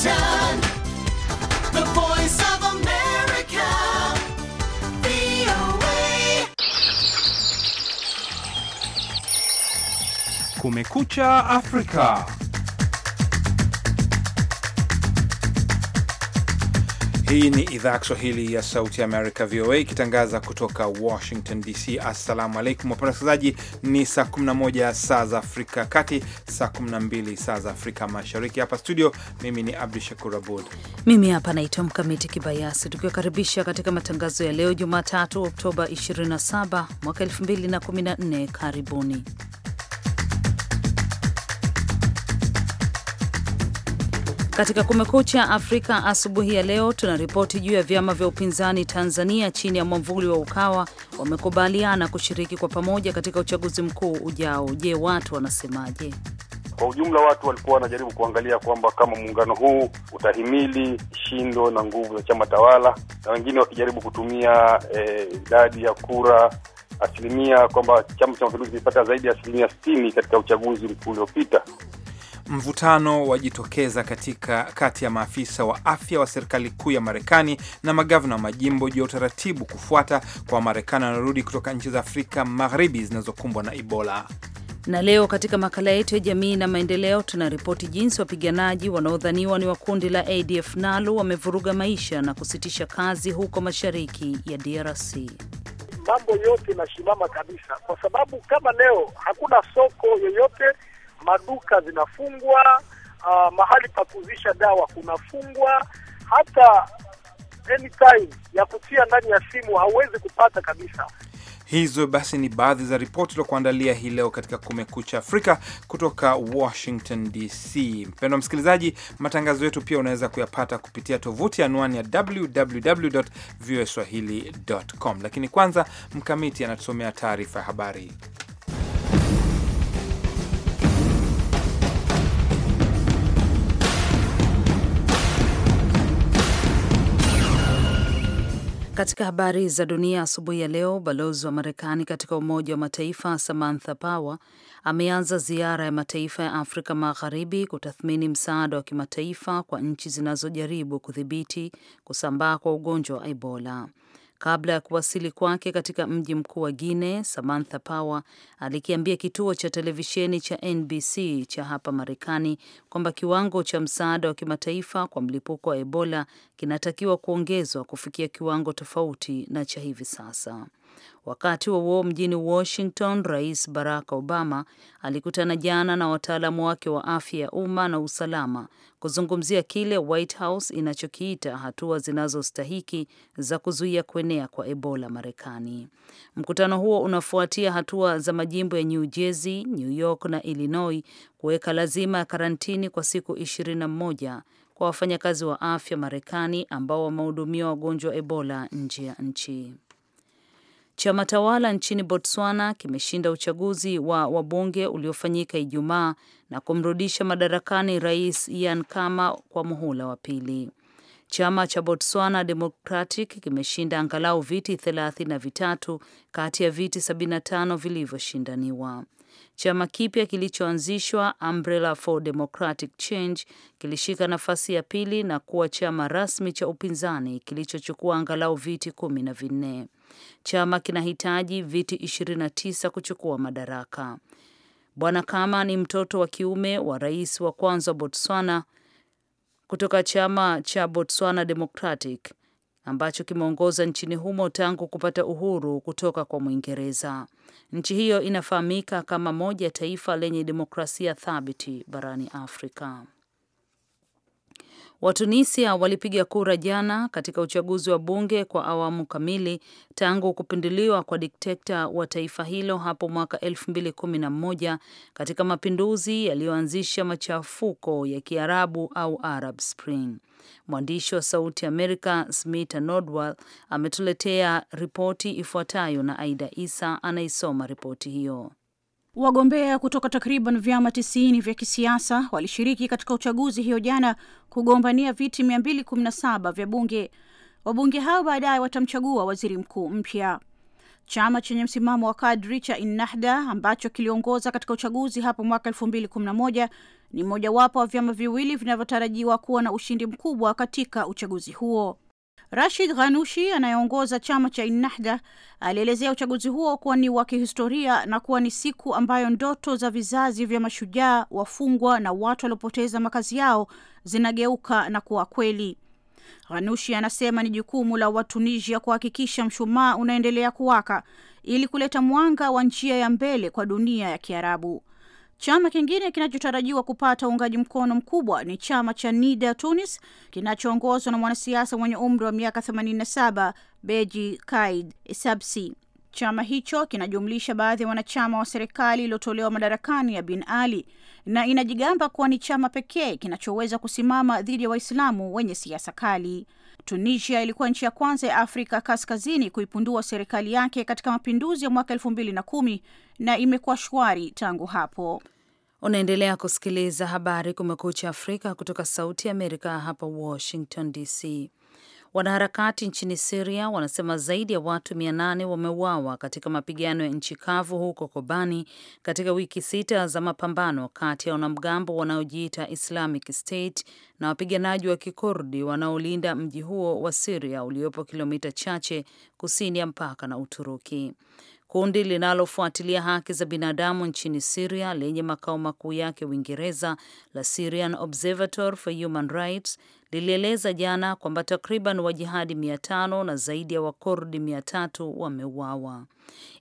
Washington, the voice of America, VOA. Kumekucha Africa. Hii ni idhaa ya Kiswahili ya Sauti Amerika, VOA, ikitangaza kutoka Washington DC. Assalamu alaikum wapenda wasikilizaji, ni saa 11 saa za Afrika kati, saa 12 saa za Afrika Mashariki. Hapa studio, mimi ni Abdu Shakur Abud, mimi hapa naitwa Mkamiti Kibayasi, tukiwakaribisha katika matangazo ya leo Jumatatu, Oktoba 27 mwaka 2014. Karibuni Katika Kumekucha Afrika asubuhi ya leo, tuna ripoti juu ya vyama vya upinzani Tanzania chini ya mwamvuli wa Ukawa wamekubaliana kushiriki kwa pamoja katika uchaguzi mkuu ujao. Je, watu wanasemaje? Kwa ujumla watu walikuwa wanajaribu kuangalia kwamba kama muungano huu utahimili shindo na nguvu za chama tawala, na wengine wakijaribu kutumia eh, idadi eh, ya kura asilimia, kwamba Chama cha Mapinduzi kilipata zaidi ya asilimia sitini katika uchaguzi mkuu uliopita. Mvutano wajitokeza katika kati ya maafisa wa afya wa serikali kuu ya Marekani na magavana wa majimbo juu ya utaratibu kufuata kwa Wamarekani wanarudi kutoka nchi za Afrika Magharibi zinazokumbwa na Ebola. Na leo katika makala yetu ya jamii na maendeleo tunaripoti jinsi wapiganaji wanaodhaniwa ni wa kundi la ADF NALU wamevuruga maisha na kusitisha kazi huko mashariki ya DRC. Mambo yote inasimama kabisa, kwa sababu kama leo hakuna soko yoyote maduka zinafungwa, uh, mahali pa kuuzisha dawa kunafungwa, hata anytime ya kutia ndani ya simu hauwezi kupata kabisa. Hizo basi ni baadhi za ripoti za kuandalia hii leo katika Kumekucha Afrika kutoka Washington DC. Mpendwa msikilizaji, matangazo yetu pia unaweza kuyapata kupitia tovuti anwani ya www voa com, lakini kwanza Mkamiti anatusomea taarifa ya habari. Katika habari za dunia asubuhi ya leo, balozi wa Marekani katika Umoja wa Mataifa Samantha Power ameanza ziara ya mataifa ya Afrika Magharibi kutathmini msaada wa kimataifa kwa nchi zinazojaribu kudhibiti kusambaa kwa ugonjwa wa Ebola. Kabla ya kuwasili kwake katika mji mkuu wa guine Samantha Power alikiambia kituo cha televisheni cha NBC cha hapa Marekani kwamba kiwango cha msaada wa kimataifa kwa mlipuko wa Ebola kinatakiwa kuongezwa kufikia kiwango tofauti na cha hivi sasa. Wakati huo huo, mjini Washington, Rais Barack Obama alikutana jana na wataalamu wake wa afya ya umma na usalama kuzungumzia kile White House inachokiita hatua zinazostahiki za kuzuia kuenea kwa Ebola Marekani. Mkutano huo unafuatia hatua za majimbo ya New Jersey, New York na Illinois kuweka lazima ya karantini kwa siku 21 kwa wafanyakazi wa afya Marekani ambao wamehudumia wagonjwa Ebola nje ya nchi. Chama tawala nchini Botswana kimeshinda uchaguzi wa wabunge uliofanyika Ijumaa na kumrudisha madarakani Rais Ian Khama kwa muhula wa pili. Chama cha Botswana Democratic kimeshinda angalau viti thelathini na vitatu kati ya viti 75 vilivyoshindaniwa. Chama kipya kilichoanzishwa Umbrella for Democratic Change kilishika nafasi ya pili na kuwa chama rasmi cha upinzani kilichochukua angalau viti kumi na vinne. Chama kinahitaji viti 29 kuchukua madaraka. Bwana Kama ni mtoto wa kiume wa rais wa kwanza wa Botswana kutoka chama cha Botswana Democratic ambacho kimeongoza nchini humo tangu kupata uhuru kutoka kwa Mwingereza. Nchi hiyo inafahamika kama moja ya taifa lenye demokrasia thabiti barani Afrika. Watunisia walipiga kura jana katika uchaguzi wa bunge kwa awamu kamili tangu kupinduliwa kwa dikteta wa taifa hilo hapo mwaka 2011 katika mapinduzi yaliyoanzisha machafuko ya Kiarabu au Arab Spring. Mwandishi wa Sauti Amerika Smita Nordwal ametuletea ripoti ifuatayo na Aida Isa anaisoma ripoti hiyo. Wagombea kutoka takriban vyama tisini vya kisiasa walishiriki katika uchaguzi hiyo jana kugombania viti 217 vya bunge. Wabunge hao baadaye watamchagua waziri mkuu mpya. Chama chenye msimamo wa kadri cha Ennahda ambacho kiliongoza katika uchaguzi hapo mwaka 2011 ni mojawapo wa vyama viwili vinavyotarajiwa kuwa na ushindi mkubwa katika uchaguzi huo. Rashid Ghanushi anayeongoza chama cha Ennahda alielezea uchaguzi huo kuwa ni wa kihistoria na kuwa ni siku ambayo ndoto za vizazi vya mashujaa, wafungwa na watu waliopoteza makazi yao zinageuka na kuwa kweli. Ghanushi anasema ni jukumu la Watunisia kuhakikisha mshumaa unaendelea kuwaka ili kuleta mwanga wa njia ya mbele kwa dunia ya Kiarabu. Chama kingine kinachotarajiwa kupata uungaji mkono mkubwa ni chama cha NIDA Tunis kinachoongozwa na mwanasiasa mwenye umri wa miaka 87 Beji Kaid Sabsi. Chama hicho kinajumlisha baadhi ya wanachama wa serikali iliyotolewa madarakani ya Bin Ali na inajigamba kuwa ni chama pekee kinachoweza kusimama dhidi ya Waislamu wenye siasa kali. Tunisia ilikuwa nchi ya kwanza ya Afrika Kaskazini kuipundua serikali yake katika mapinduzi ya mwaka elfu mbili na kumi na imekuwa shwari tangu hapo. Unaendelea kusikiliza habari Kumekucha Afrika kutoka Sauti ya Amerika hapa Washington DC. Wanaharakati nchini Siria wanasema zaidi ya watu mia nane wameuawa katika mapigano ya nchi kavu huko Kobani katika wiki sita za mapambano kati ya wanamgambo wanaojiita Islamic State na wapiganaji wa Kikurdi wanaolinda mji huo wa Siria uliopo kilomita chache kusini ya mpaka na Uturuki. Kundi linalofuatilia haki za binadamu nchini Siria lenye makao makuu yake Uingereza la Syrian Observatory for Human Rights lilieleza jana kwamba takriban wajihadi mia tano na zaidi ya wakordi mia tatu wameuawa.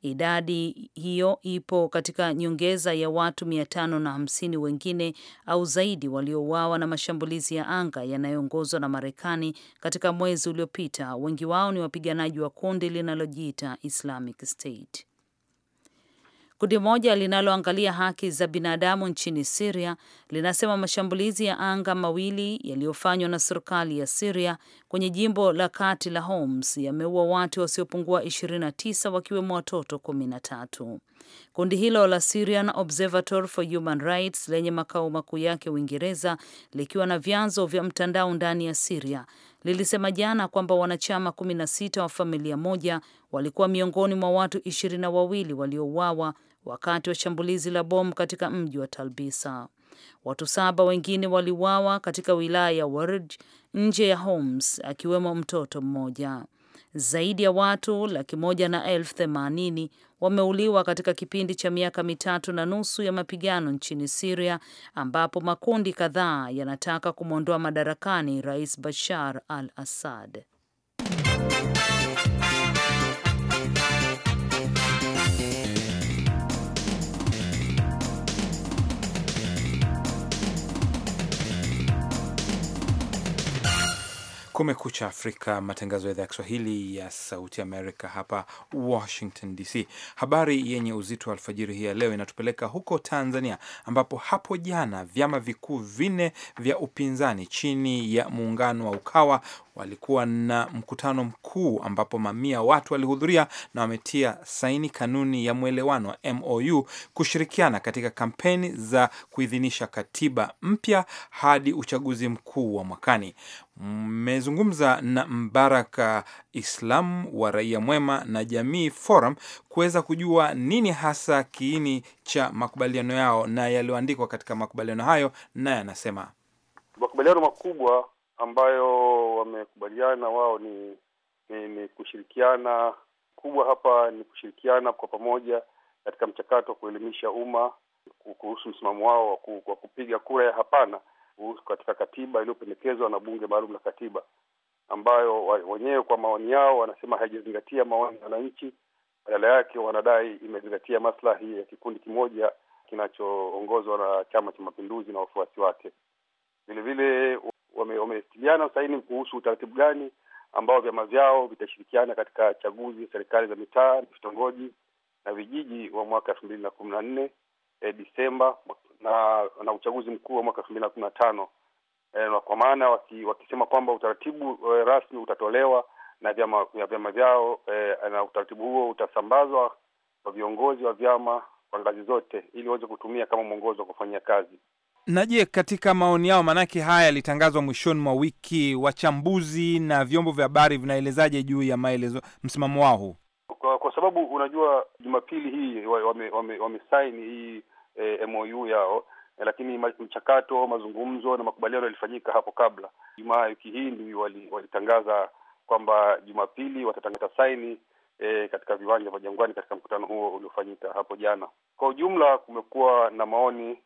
Idadi hiyo ipo katika nyongeza ya watu mia tano na hamsini wengine au zaidi waliouawa na mashambulizi ya anga yanayoongozwa na Marekani katika mwezi uliopita. Wengi wao ni wapiganaji wa kundi linalojiita Islamic State. Kundi moja linaloangalia haki za binadamu nchini Siria linasema mashambulizi ya anga mawili yaliyofanywa na serikali ya Siria kwenye jimbo la kati la Homs yameua watu wasiopungua 29 wakiwemo watoto 13. Kundi hilo la Syrian Observatory for Human Rights lenye makao makuu yake Uingereza, likiwa na vyanzo vya mtandao ndani ya Siria, lilisema jana kwamba wanachama 16 wa familia moja walikuwa miongoni mwa watu ishirini na wawili waliouawa wakati wa shambulizi la bomu katika mji wa Talbisa. Watu saba wengine waliuawa katika wilaya ya Warj nje ya Homs, akiwemo mtoto mmoja. Zaidi ya watu laki moja na elfu themanini wameuliwa katika kipindi cha miaka mitatu na nusu ya mapigano nchini Siria, ambapo makundi kadhaa yanataka kumwondoa madarakani Rais Bashar al Assad. Kumekucha Afrika, matangazo ya idhaa ya Kiswahili ya Sauti Amerika hapa Washington DC. Habari yenye uzito wa alfajiri hii ya leo inatupeleka huko Tanzania, ambapo hapo jana vyama vikuu vinne vya upinzani chini ya muungano wa Ukawa walikuwa na mkutano mkuu ambapo mamia watu walihudhuria na wametia saini kanuni ya mwelewano wa MOU kushirikiana katika kampeni za kuidhinisha katiba mpya hadi uchaguzi mkuu wa mwakani mmezungumza na Mbaraka Islam wa Raia Mwema na Jamii Forum kuweza kujua nini hasa kiini cha makubaliano yao na yaliyoandikwa katika makubaliano hayo, naye anasema makubaliano makubwa ambayo wamekubaliana wao ni, ni, ni kushirikiana. Kubwa hapa ni kushirikiana kwa pamoja katika mchakato wa kuelimisha umma kuhusu msimamo wao wa kupiga kura ya hapana katika katiba iliyopendekezwa na bunge maalum la katiba, ambayo wenyewe kwa maoni yao wanasema haijazingatia maoni ya wananchi, badala yake wanadai imezingatia maslahi ya kikundi kimoja kinachoongozwa na Chama cha Mapinduzi na wafuasi wake. Vilevile wametiliana wame saini kuhusu utaratibu gani ambao vyama vyao vitashirikiana katika chaguzi serikali za mitaa, vitongoji na vijiji wa mwaka elfu mbili na kumi na nne e, eh, Disemba na na uchaguzi mkuu wa mwaka elfu mbili na kumi na tano e, kwa maana waki, wakisema kwamba utaratibu e, rasmi utatolewa na vyama vyama vyao e, na utaratibu huo utasambazwa kwa viongozi wa vyama kwa ngazi zote ili waweze kutumia kama mwongozo wa kufanyia kazi. Na je, katika maoni yao, maanake haya yalitangazwa mwishoni mwa wiki, wachambuzi na vyombo vya habari vinaelezaje juu ya maelezo msimamo wao huu? sababu unajua Jumapili hii wamesaini wame, wame hii e, eh, MOU yao e, lakini mchakato mazungumzo na makubaliano yalifanyika hapo kabla. Jumaa wiki hii ndi walitangaza wali kwamba Jumapili watatangaza saini e, eh, katika viwanja vya Jangwani katika mkutano huo uliofanyika hapo jana. Kwa ujumla, kumekuwa na maoni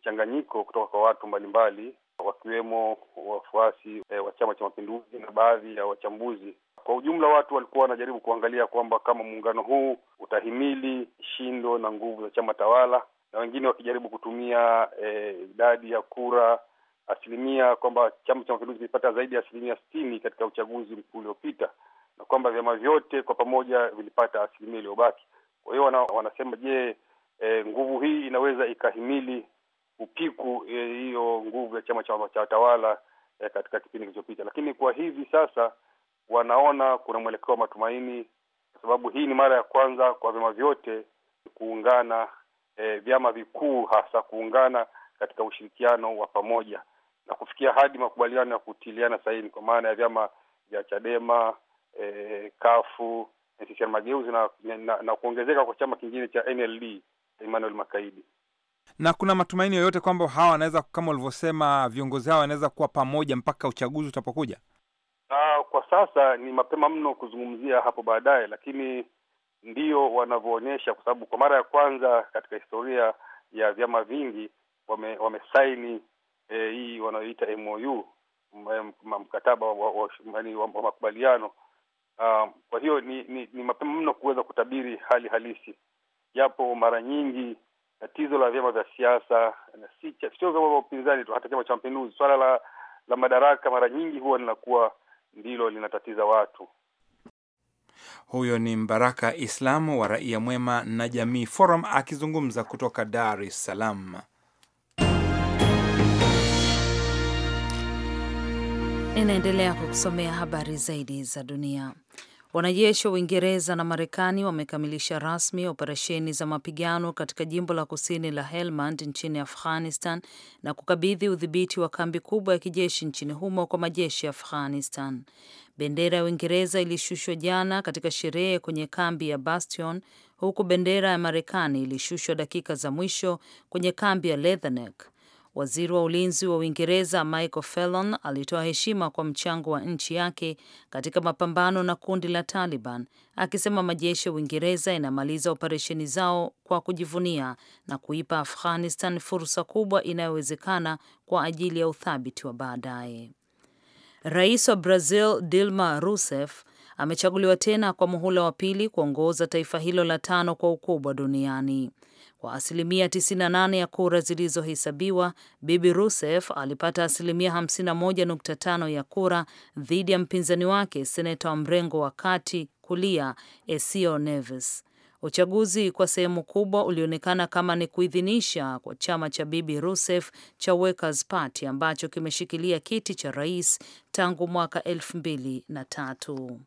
mchanganyiko kutoka kwa watu mbalimbali wakiwemo wafuasi e, wa Chama cha Mapinduzi na baadhi ya wachambuzi kwa ujumla, watu walikuwa wanajaribu kuangalia kwamba kama muungano huu utahimili shindo na nguvu za chama tawala, na wengine wakijaribu kutumia eh, idadi ya kura asilimia kwamba Chama cha Mapinduzi kilipata zaidi ya asilimia sitini katika uchaguzi mkuu uliopita na kwamba vyama vyote kwa pamoja vilipata asilimia iliyobaki. Kwa hiyo wana, wanasema je, e, nguvu hii inaweza ikahimili upiku eh, hiyo e, nguvu ya chama cha tawala e, katika kipindi kilichopita. Lakini kwa hivi sasa wanaona kuna mwelekeo wa matumaini, kwa sababu hii ni mara ya kwanza kwa vyama vyote kuungana, eh, vyama vikuu hasa kuungana katika ushirikiano wa pamoja na kufikia hadi makubaliano ya kutiliana saini kwa maana ya vyama vya Chadema, eh, kafu NCCR Mageuzi na, na, na kuongezeka kwa chama kingine cha NLD Emmanuel Makaidi. Na kuna matumaini yoyote kwamba hawa wanaweza, kama walivyosema viongozi hawa wanaweza kuwa pamoja mpaka uchaguzi utapokuja? Uh, kwa sasa ni mapema mno kuzungumzia hapo baadaye, lakini ndio wanavyoonyesha, kwa sababu kwa mara ya kwanza katika historia ya vyama vingi wame, wamesaini eh, hii wanayoita MOU mkataba wa, wa, wa, wa makubaliano. Uh, kwa hiyo ni, ni, ni mapema mno kuweza kutabiri hali halisi, japo mara nyingi tatizo la vyama vya siasa sio vyama vya upinzani tu, hata Chama cha Mapinduzi, swala la la madaraka mara nyingi huwa linakuwa ndilo linatatiza watu. Huyo ni Mbaraka Islamu wa Raia Mwema na Jamii Forum akizungumza kutoka Dar es Salaam. Inaendelea kukusomea habari zaidi za dunia. Wanajeshi wa Uingereza na Marekani wamekamilisha rasmi operesheni za mapigano katika jimbo la kusini la Helmand nchini Afghanistan na kukabidhi udhibiti wa kambi kubwa ya kijeshi nchini humo kwa majeshi ya Afghanistan. Bendera ya Uingereza ilishushwa jana katika sherehe kwenye kambi ya Bastion, huku bendera ya Marekani ilishushwa dakika za mwisho kwenye kambi ya Leatherneck. Waziri wa ulinzi wa Uingereza Michael Fallon alitoa heshima kwa mchango wa nchi yake katika mapambano na kundi la Taliban, akisema majeshi ya Uingereza inamaliza operesheni zao kwa kujivunia na kuipa Afghanistan fursa kubwa inayowezekana kwa ajili ya uthabiti wa baadaye. Rais wa Brazil Dilma Rousseff amechaguliwa tena kwa muhula wa pili kuongoza taifa hilo la tano kwa ukubwa duniani. Kwa asilimia 98 ya kura zilizohesabiwa, Bibi Rousseff alipata asilimia 51.5 ya kura dhidi ya mpinzani wake seneta wa mrengo wa kati kulia Esio Neves. Uchaguzi kwa sehemu kubwa ulionekana kama ni kuidhinisha kwa chama cha Bibi Rousseff cha Workers Party ambacho kimeshikilia kiti cha rais tangu mwaka elfu mbili na tatu.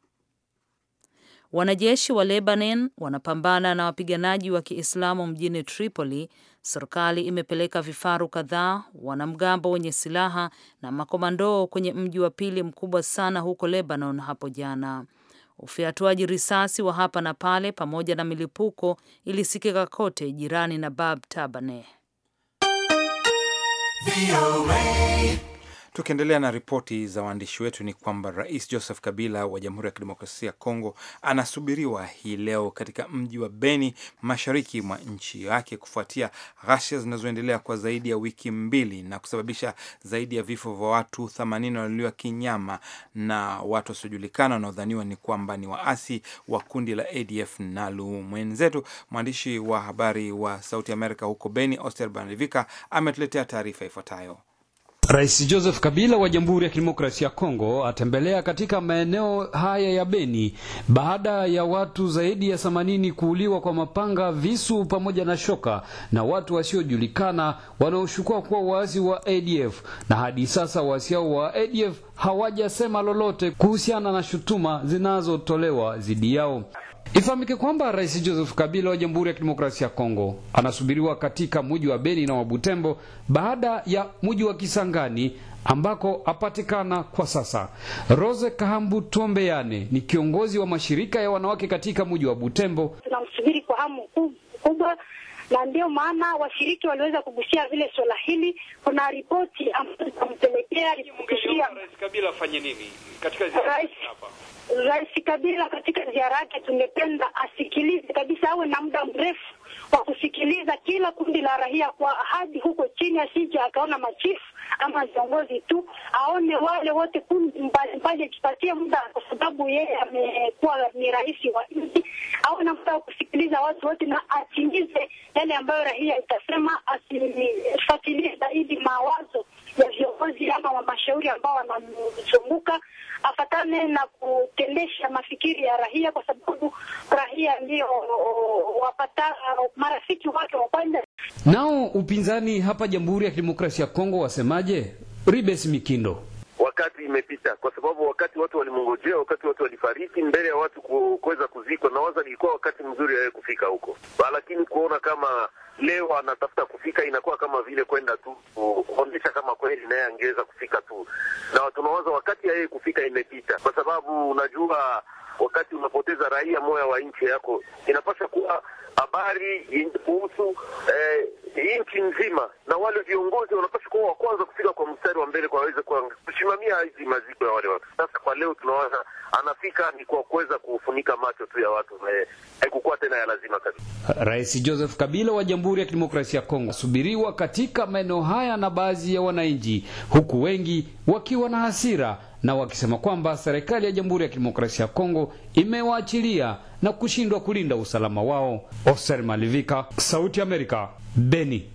Wanajeshi wa Lebanon wanapambana na wapiganaji wa Kiislamu mjini Tripoli. Serikali imepeleka vifaru kadhaa, wanamgambo wenye silaha na makomandoo kwenye mji wa pili mkubwa sana huko Lebanon hapo jana. ufiatuaji risasi wa hapa na pale pamoja na milipuko ilisikika kote jirani na Bab Tabaneh. Tukiendelea na ripoti za waandishi wetu ni kwamba Rais Joseph Kabila wa Jamhuri ya Kidemokrasia ya Kongo anasubiriwa hii leo katika mji wa Beni, mashariki mwa nchi yake, kufuatia ghasia zinazoendelea kwa zaidi ya wiki mbili na kusababisha zaidi ya vifo vya watu 80 waliuliwa kinyama na watu wasiojulikana wanaodhaniwa ni kwamba ni waasi wa kundi la ADF NALU. Mwenzetu mwandishi wa habari wa Sauti Amerika huko Beni, Oster Banrivika, ametuletea taarifa ifuatayo. Rais Joseph Kabila wa Jamhuri ya Kidemokrasia ya Kongo atembelea katika maeneo haya ya Beni baada ya watu zaidi ya themanini kuuliwa kwa mapanga, visu pamoja na shoka na watu wasiojulikana wanaoshukua kuwa waasi wa ADF, na hadi sasa waasi hao wa ADF hawajasema lolote kuhusiana na shutuma zinazotolewa dhidi yao. Ifahamike kwamba Rais Joseph Kabila wa Jamhuri ya Kidemokrasia ya Kongo anasubiriwa katika mji wa Beni na wa Butembo baada ya mji wa Kisangani ambako apatikana kwa sasa. Rose Kahambu Tombeyane ni kiongozi wa mashirika ya wanawake katika mji wa Butembo. Tunamsubiri kwa hamu kubwa na ndio maana washiriki waliweza kugusia vile swala hili. Kuna ripoti ambazo zitampelekea pia Rais Kabila afanye nini katika ziara hapa? Rais Kabila katika ziara yake tungependa asikilize kabisa, awe na muda mrefu wa kusikiliza kila kundi la raia kwa ahadi huko chini, asije akaona machifu ama viongozi tu, aone wale wote kundi mbalimbali, akipatia muda, kwa sababu yeye amekuwa ni rais wa nchi. Awe na muda wa kusikiliza watu wote na atimize yale ambayo raia itasema, asifatilie zaidi mawazo ya viongozi ama wamashauri ambao wanamzunguka afatane na kutendesha mafikiri ya rahia, kwa sababu rahia ndio wapata marafiki wake wa kwanza. Nao upinzani hapa Jamhuri ya Kidemokrasia ya Kongo wasemaje? Ribes Mikindo Wakati imepita kwa sababu wakati watu walimngojea, wakati watu walifariki mbele ya watu kuweza kuzikwa, na waza ilikuwa wakati mzuri awe kufika huko, lakini kuona kama leo anatafuta kufika, inakuwa kama vile kwenda tu kuonyesha kama kweli naye angeweza kufika tu, na tunawaza wakati ya yeye kufika imepita, kwa sababu unajua wakati unapoteza raia moya wa nchi yako. Inapaswa kuwa habari kuhusu eh, nchi nzima, na wale viongozi wanapaswa kuwa wa kwanza kufika kwa mstari wa mbele kwa waweze kusimamia hizi maziko ya wale watu. Sasa kwa leo tunaona anafika ni kwa kuweza kufunika macho tu ya watu, haikukuwa tena ya lazima kabisa. Rais Joseph Kabila wa Jamhuri ya Kidemokrasia ya Kongo asubiriwa katika maeneo haya na baadhi ya wananchi, huku wengi wakiwa na hasira na wakisema kwamba serikali ya Jamhuri ya Kidemokrasia ya Kongo imewaachilia na kushindwa kulinda usalama wao. Oser Malivika, Sauti ya Amerika, Beni.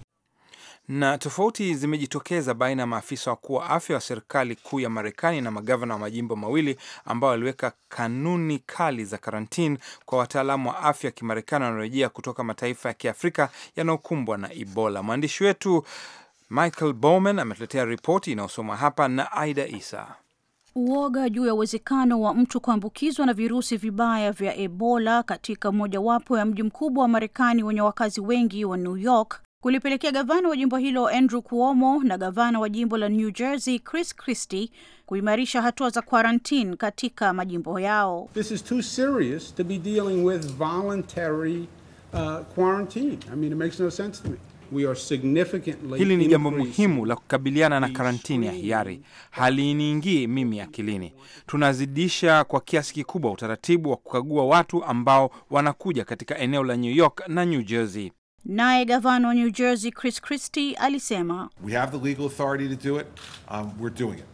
Na tofauti zimejitokeza baina ya maafisa wakuu wa afya wa serikali kuu ya Marekani na magavana wa majimbo mawili ambao waliweka kanuni kali za karantini kwa wataalamu wa afya ya Kimarekani wanaorejea kutoka mataifa ya Kiafrika yanayokumbwa na Ebola. Mwandishi wetu Michael Bowman ametuletea ripoti inayosoma hapa na Aida Isa uoga juu ya uwezekano wa mtu kuambukizwa na virusi vibaya vya Ebola katika mmojawapo ya mji mkubwa wa Marekani wenye wakazi wengi wa New York kulipelekea gavana wa jimbo hilo Andrew Cuomo na gavana wa jimbo la New Jersey Chris Christie kuimarisha hatua za quarantine katika majimbo yao. This is too serious to be dealing with voluntary uh, quarantine. I mean, it makes no sense to me. Hili ni jambo muhimu la kukabiliana na karantini ya hiari. Haliniingii mimi akilini. Tunazidisha kwa kiasi kikubwa utaratibu wa kukagua watu ambao wanakuja katika eneo la New York na New Jersey. Naye gavana wa New Jersey Chris Christie alisema, We have the legal authority to do it. Um, we're doing it.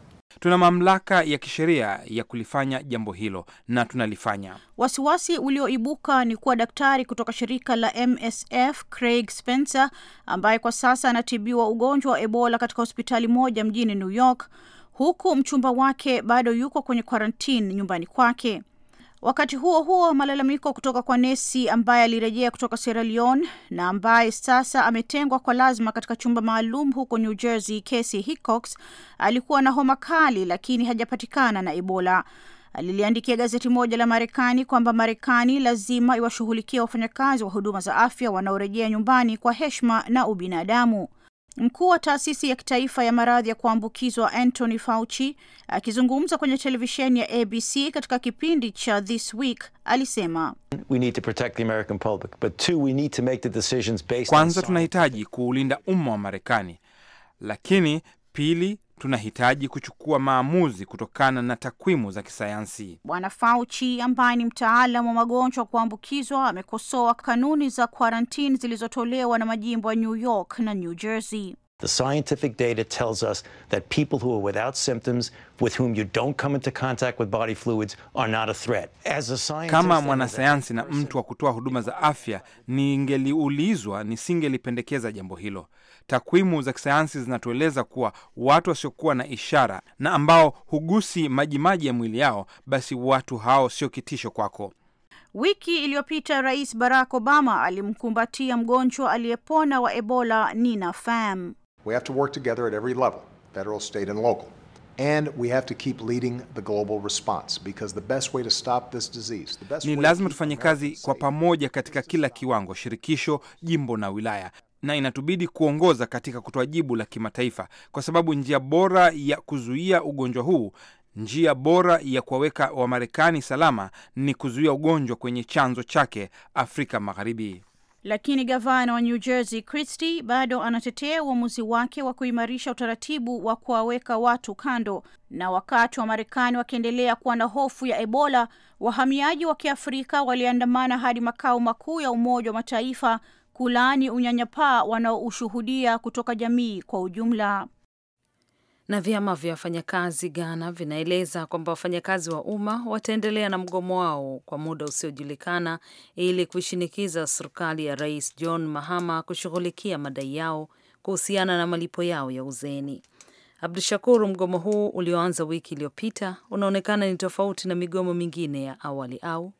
Tuna mamlaka ya kisheria ya kulifanya jambo hilo na tunalifanya. Wasiwasi ulioibuka ni kuwa daktari kutoka shirika la MSF Craig Spencer, ambaye kwa sasa anatibiwa ugonjwa wa Ebola katika hospitali moja mjini New York, huku mchumba wake bado yuko kwenye karantini nyumbani kwake. Wakati huo huo, malalamiko kutoka kwa nesi ambaye alirejea kutoka Sierra Leone na ambaye sasa ametengwa kwa lazima katika chumba maalum huko New Jersey, Casey Hickox, alikuwa na homa kali lakini hajapatikana na Ebola. Aliliandikia gazeti moja la Marekani kwamba Marekani lazima iwashughulikia wafanyakazi wa huduma za afya wanaorejea nyumbani kwa heshima na ubinadamu. Mkuu wa taasisi ya kitaifa ya maradhi ya kuambukizwa Anthony Fauci akizungumza kwenye televisheni ya ABC katika kipindi cha This Week alisema kwanza, tunahitaji kuulinda umma wa Marekani, lakini pili, tunahitaji kuchukua maamuzi kutokana na takwimu za kisayansi. Bwana Fauci ambaye ni mtaalam wa magonjwa kuambukizwa amekosoa kanuni za kwarantini zilizotolewa na majimbo ya New York na New Jersey. The scientific data tells us that people who are without symptoms with whom you don't come into contact with body fluids are not a threat. As a scientist, kama mwanasayansi na mtu wa kutoa huduma za afya, ningeliulizwa, nisingelipendekeza jambo hilo. Takwimu za kisayansi zinatueleza kuwa watu wasiokuwa na ishara na ambao hugusi majimaji ya mwili yao, basi watu hao sio kitisho kwako. Wiki iliyopita Rais Barack Obama alimkumbatia mgonjwa aliyepona wa Ebola, Nina Pham. We have to work together at every level, federal, state and local. Ni lazima tufanye kazi kwa pamoja katika kila kiwango, shirikisho, jimbo na wilaya na inatubidi kuongoza katika kutoa jibu la kimataifa, kwa sababu njia bora ya kuzuia ugonjwa huu, njia bora ya kuwaweka Wamarekani salama ni kuzuia ugonjwa kwenye chanzo chake, Afrika Magharibi. Lakini gavana wa New Jersey bado anatetea uamuzi wake wa kuimarisha utaratibu wa kuwaweka watu kando. Na wakati wa Marekani wakiendelea kuwa na hofu ya Ebola, wahamiaji wa Kiafrika waliandamana hadi makao makuu ya Umoja wa Mataifa kulaani unyanyapaa wanaoushuhudia kutoka jamii kwa ujumla. Na vyama vya wafanyakazi Ghana vinaeleza kwamba wafanyakazi wa umma wataendelea na mgomo wao kwa muda usiojulikana ili kuishinikiza serikali ya Rais John Mahama kushughulikia madai yao kuhusiana na malipo yao ya uzeni. Abdu shakur mgomo huu ulioanza wiki iliyopita unaonekana ni tofauti na migomo mingine ya awali au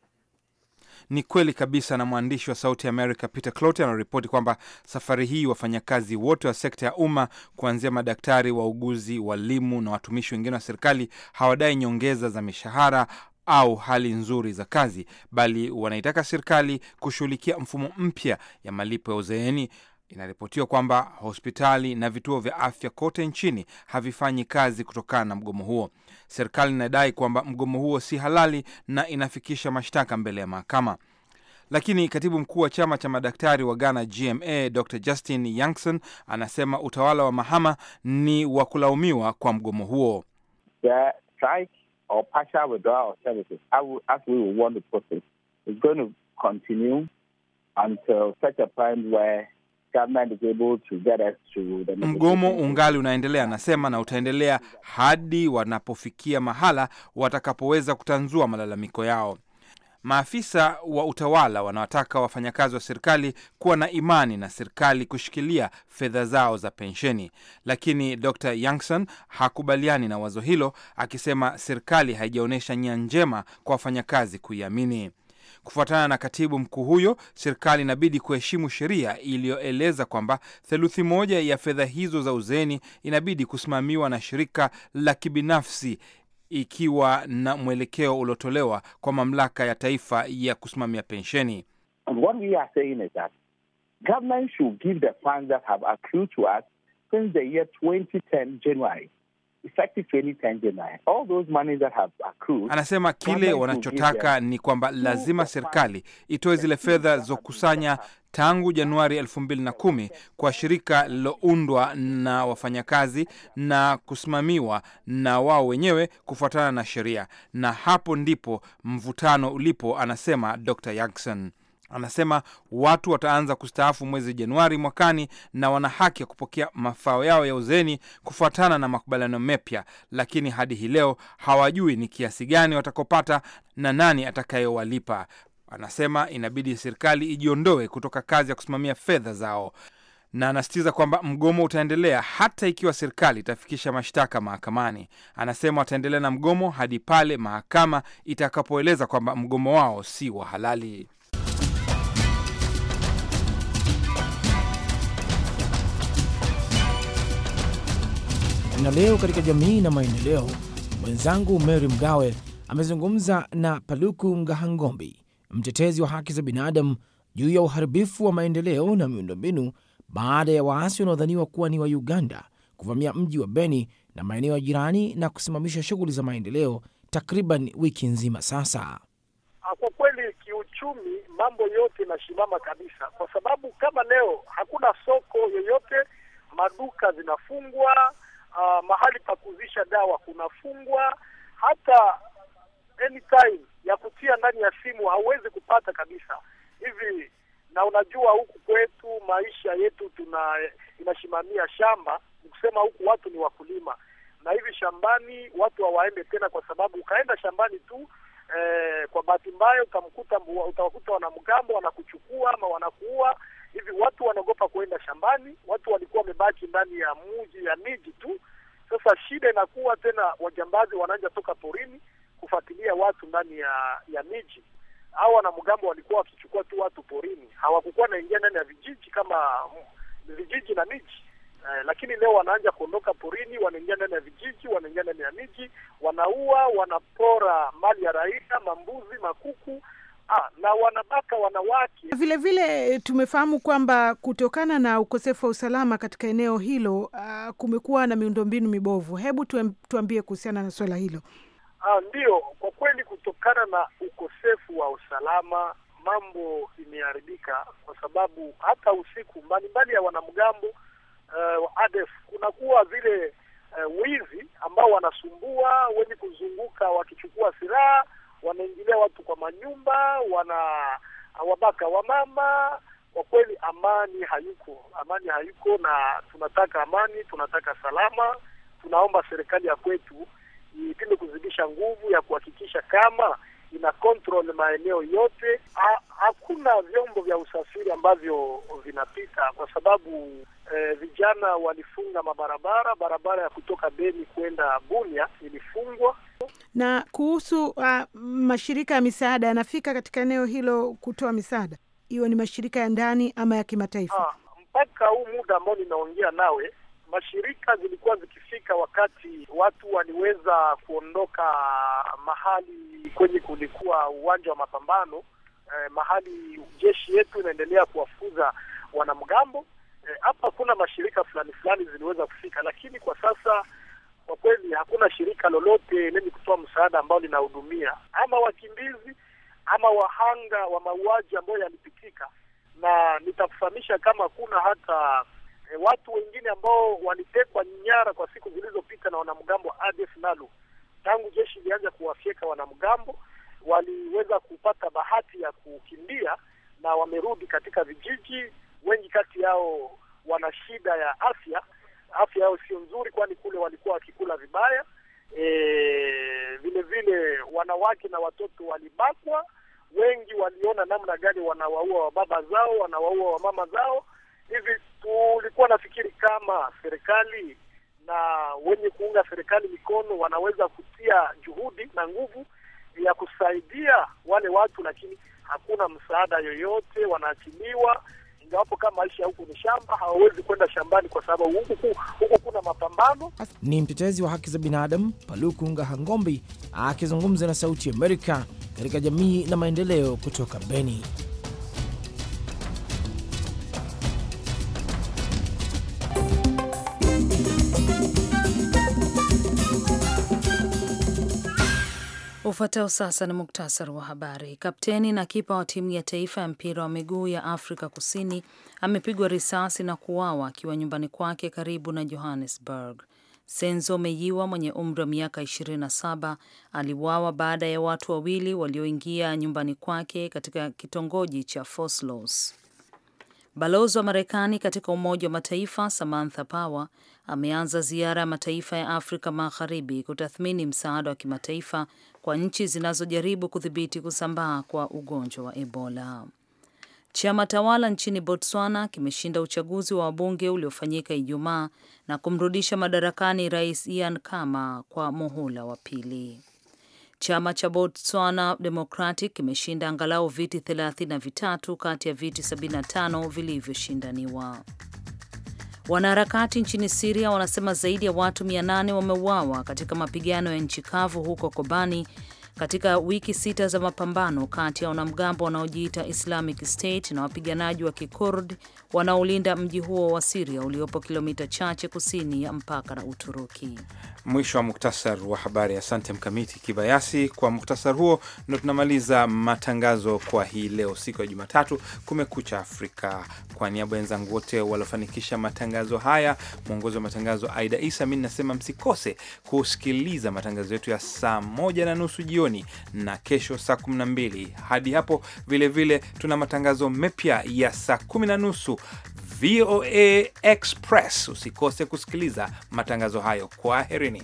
ni kweli kabisa, na mwandishi wa Sauti America Peter Clote anaripoti kwamba safari hii wafanyakazi wote wa sekta ya umma kuanzia madaktari, wauguzi, walimu na watumishi wengine wa serikali hawadai nyongeza za mishahara au hali nzuri za kazi, bali wanaitaka serikali kushughulikia mfumo mpya ya malipo ya uzeeni Inaripotiwa kwamba hospitali na vituo vya afya kote nchini havifanyi kazi kutokana na mgomo huo. Serikali inadai kwamba mgomo huo si halali na inafikisha mashtaka mbele ya mahakama. Lakini katibu mkuu wa chama cha madaktari wa Ghana GMA, Dr Justin Youngson anasema utawala wa Mahama ni wa kulaumiwa kwa mgomo huo. The mgomo ungali unaendelea, anasema na utaendelea hadi wanapofikia mahala watakapoweza kutanzua malalamiko yao. Maafisa wa utawala wanawataka wafanyakazi wa serikali kuwa na imani na serikali kushikilia fedha zao za pensheni, lakini Dr Youngson hakubaliani na wazo hilo, akisema serikali haijaonyesha nia njema kwa wafanyakazi kuiamini. Kufuatana na katibu mkuu huyo, serikali inabidi kuheshimu sheria iliyoeleza kwamba theluthi moja ya fedha hizo za uzeni inabidi kusimamiwa na shirika la kibinafsi ikiwa na mwelekeo uliotolewa kwa mamlaka ya taifa ya kusimamia pensheni. Government should give the funds that have accrued to us since the year 2010 January Anasema kile wanachotaka ni kwamba lazima serikali itoe zile fedha zokusanya tangu Januari 21 kwa shirika lililoundwa na wafanyakazi na kusimamiwa na wao wenyewe kufuatana na sheria, na hapo ndipo mvutano ulipo, anasema Dr. Yagson. Anasema watu wataanza kustaafu mwezi Januari mwakani na wana haki ya kupokea mafao yao ya uzeni kufuatana na makubaliano mepya, lakini hadi hii leo hawajui ni kiasi gani watakopata na nani atakayowalipa Anasema inabidi serikali ijiondoe kutoka kazi ya kusimamia fedha zao na anasitiza kwamba mgomo utaendelea hata ikiwa serikali itafikisha mashtaka mahakamani. Anasema wataendelea na mgomo hadi pale mahakama itakapoeleza kwamba mgomo wao si wa halali. Na leo katika jamii na maendeleo, mwenzangu Mary Mgawe amezungumza na Paluku Ngahangombi, mtetezi wa haki za binadamu, juu ya uharibifu wa maendeleo na miundombinu baada ya waasi wanaodhaniwa kuwa ni wa Uganda kuvamia mji wa Beni na maeneo ya jirani na kusimamisha shughuli za maendeleo takriban wiki nzima sasa. Ah, kwa kweli, kiuchumi mambo yote inasimama kabisa, kwa sababu kama leo hakuna soko yoyote, maduka zinafungwa uh, mahali pa kuuzisha dawa kunafungwa, hata anytime ya kutia ndani ya simu hauwezi kupata kabisa hivi. Na unajua huku kwetu maisha yetu tuna inasimamia shamba, ni kusema huku watu ni wakulima, na hivi shambani watu hawaende tena, kwa sababu ukaenda shambani tu eh, kwa bahati mbaya utamkuta utawakuta wanamgambo wanakuchukua ama wanakuua hivi watu wanaogopa kuenda shambani, watu walikuwa wamebaki ndani ya mji ya miji tu. Sasa shida inakuwa tena, wajambazi wanaanza toka porini kufuatilia watu ndani ya ya miji. Hao wanamgambo walikuwa wakichukua tu watu porini, hawakukuwa naingia ndani ya vijiji kama mm, vijiji na miji eh, lakini leo wanaanza kuondoka porini, wanaingia ndani ya vijiji, wanaingia ndani ya miji, wanaua, wanapora mali ya raia, mambuzi, makuku Ah, na wanabaka wanawake vile vile. Eh, tumefahamu kwamba kutokana na ukosefu wa usalama katika eneo hilo, uh, kumekuwa na miundombinu mibovu. Hebu tuambie kuhusiana na swala hilo. Ah, ndiyo, kwa kweli kutokana na ukosefu wa usalama mambo imeharibika, kwa sababu hata usiku mbalimbali ya wanamgambo uh, ADF kunakuwa vile uh, wizi ambao wanasumbua wenye kuzunguka wakichukua silaha wanaingilia watu kwa manyumba, wana wa wamama. Kwa kweli amani hayuko, amani hayuko, na tunataka amani, tunataka salama. Tunaomba serikali ya kwetu ipime kuzidisha nguvu ya kuhakikisha kama ina control maeneo yote. Ha, hakuna vyombo vya usafiri ambavyo vinapita kwa sababu eh, vijana walifunga mabarabara. Barabara ya kutoka Beni kwenda Bunia ilifungwa na kuhusu uh, mashirika ya misaada yanafika katika eneo hilo kutoa misaada, iwe ni mashirika ya ndani ama ya kimataifa? Ha, ah, mpaka huu muda ambao ninaongea nawe mashirika zilikuwa zikifika wakati watu waliweza kuondoka mahali kwenye kulikuwa uwanja wa mapambano eh, mahali jeshi yetu inaendelea kuwafuza wanamgambo eh, hapa. Eh, kuna mashirika fulani fulani ziliweza kufika, lakini kwa sasa kwa kweli hakuna shirika lolote lenye kutoa msaada ambao linahudumia ama wakimbizi ama wahanga wa mauaji ambayo yalipitika, na nitakufahamisha kama kuna hata e, watu wengine ambao walitekwa nyara kwa siku zilizopita na wanamgambo wa ADF NALU. Tangu jeshi ilianza kuwafyeka wanamgambo, waliweza kupata bahati ya kukimbia na wamerudi katika vijiji, wengi kati yao wana shida ya afya afya yao sio nzuri, kwani kule walikuwa wakikula vibaya. Vilevile vile wanawake na watoto walibakwa, wengi waliona namna gani wanawaua wa baba zao, wanawaua wa mama zao. Hivi tulikuwa nafikiri kama serikali na wenye kuunga serikali mikono wanaweza kutia juhudi na nguvu ya kusaidia wale watu, lakini hakuna msaada yoyote, wanaachiliwa jawapo kama maisha huku ni shamba, hawawezi kwenda shambani kwa sababu huku huku kuna mapambano. Ni mtetezi wa haki za binadamu Paluku Ngahangombi akizungumza na Sauti Amerika katika Jamii na Maendeleo kutoka Beni. Ufuatao sasa ni muktasari wa habari. Kapteni na kipa wa timu ya taifa ya mpira wa miguu ya Afrika Kusini amepigwa risasi na kuuawa akiwa nyumbani kwake karibu na Johannesburg. Senzo Meyiwa mwenye umri wa miaka 27 aliuawa baada ya watu wawili walioingia nyumbani kwake katika kitongoji cha foslos Balozi wa Marekani katika Umoja wa Mataifa Samantha Power ameanza ziara ya mataifa ya Afrika Magharibi kutathmini msaada wa kimataifa kwa nchi zinazojaribu kudhibiti kusambaa kwa ugonjwa wa Ebola. Chama tawala nchini Botswana kimeshinda uchaguzi wa wabunge uliofanyika Ijumaa na kumrudisha madarakani Rais Ian Khama kwa muhula wa pili. Chama cha Botswana Democratic kimeshinda angalau viti 33 kati ya viti 75 vilivyoshindaniwa. Wanaharakati nchini Siria wanasema zaidi ya watu 800 wameuawa katika mapigano ya nchi kavu huko Kobani katika wiki sita za mapambano kati ya wanamgambo wanaojiita Islamic State na wapiganaji wa Kikurd wanaolinda mji huo wa Siria uliopo kilomita chache kusini ya mpaka na Uturuki. Mwisho wa muktasar wa habari. Asante Mkamiti Kibayasi kwa muktasar huo, ndo tunamaliza matangazo kwa hii leo, siku ya Jumatatu, Kumekucha Afrika. Kwa niaba wenzangu wote waliofanikisha matangazo haya, mwongozi wa matangazo Aida Isa, mi nasema msikose kusikiliza matangazo yetu ya saa moja na nusu jioni na kesho saa kumi na mbili. Hadi hapo vilevile vile, tuna matangazo mepya ya saa kumi na nusu VOA Express. Usikose kusikiliza matangazo hayo. Kwaherini.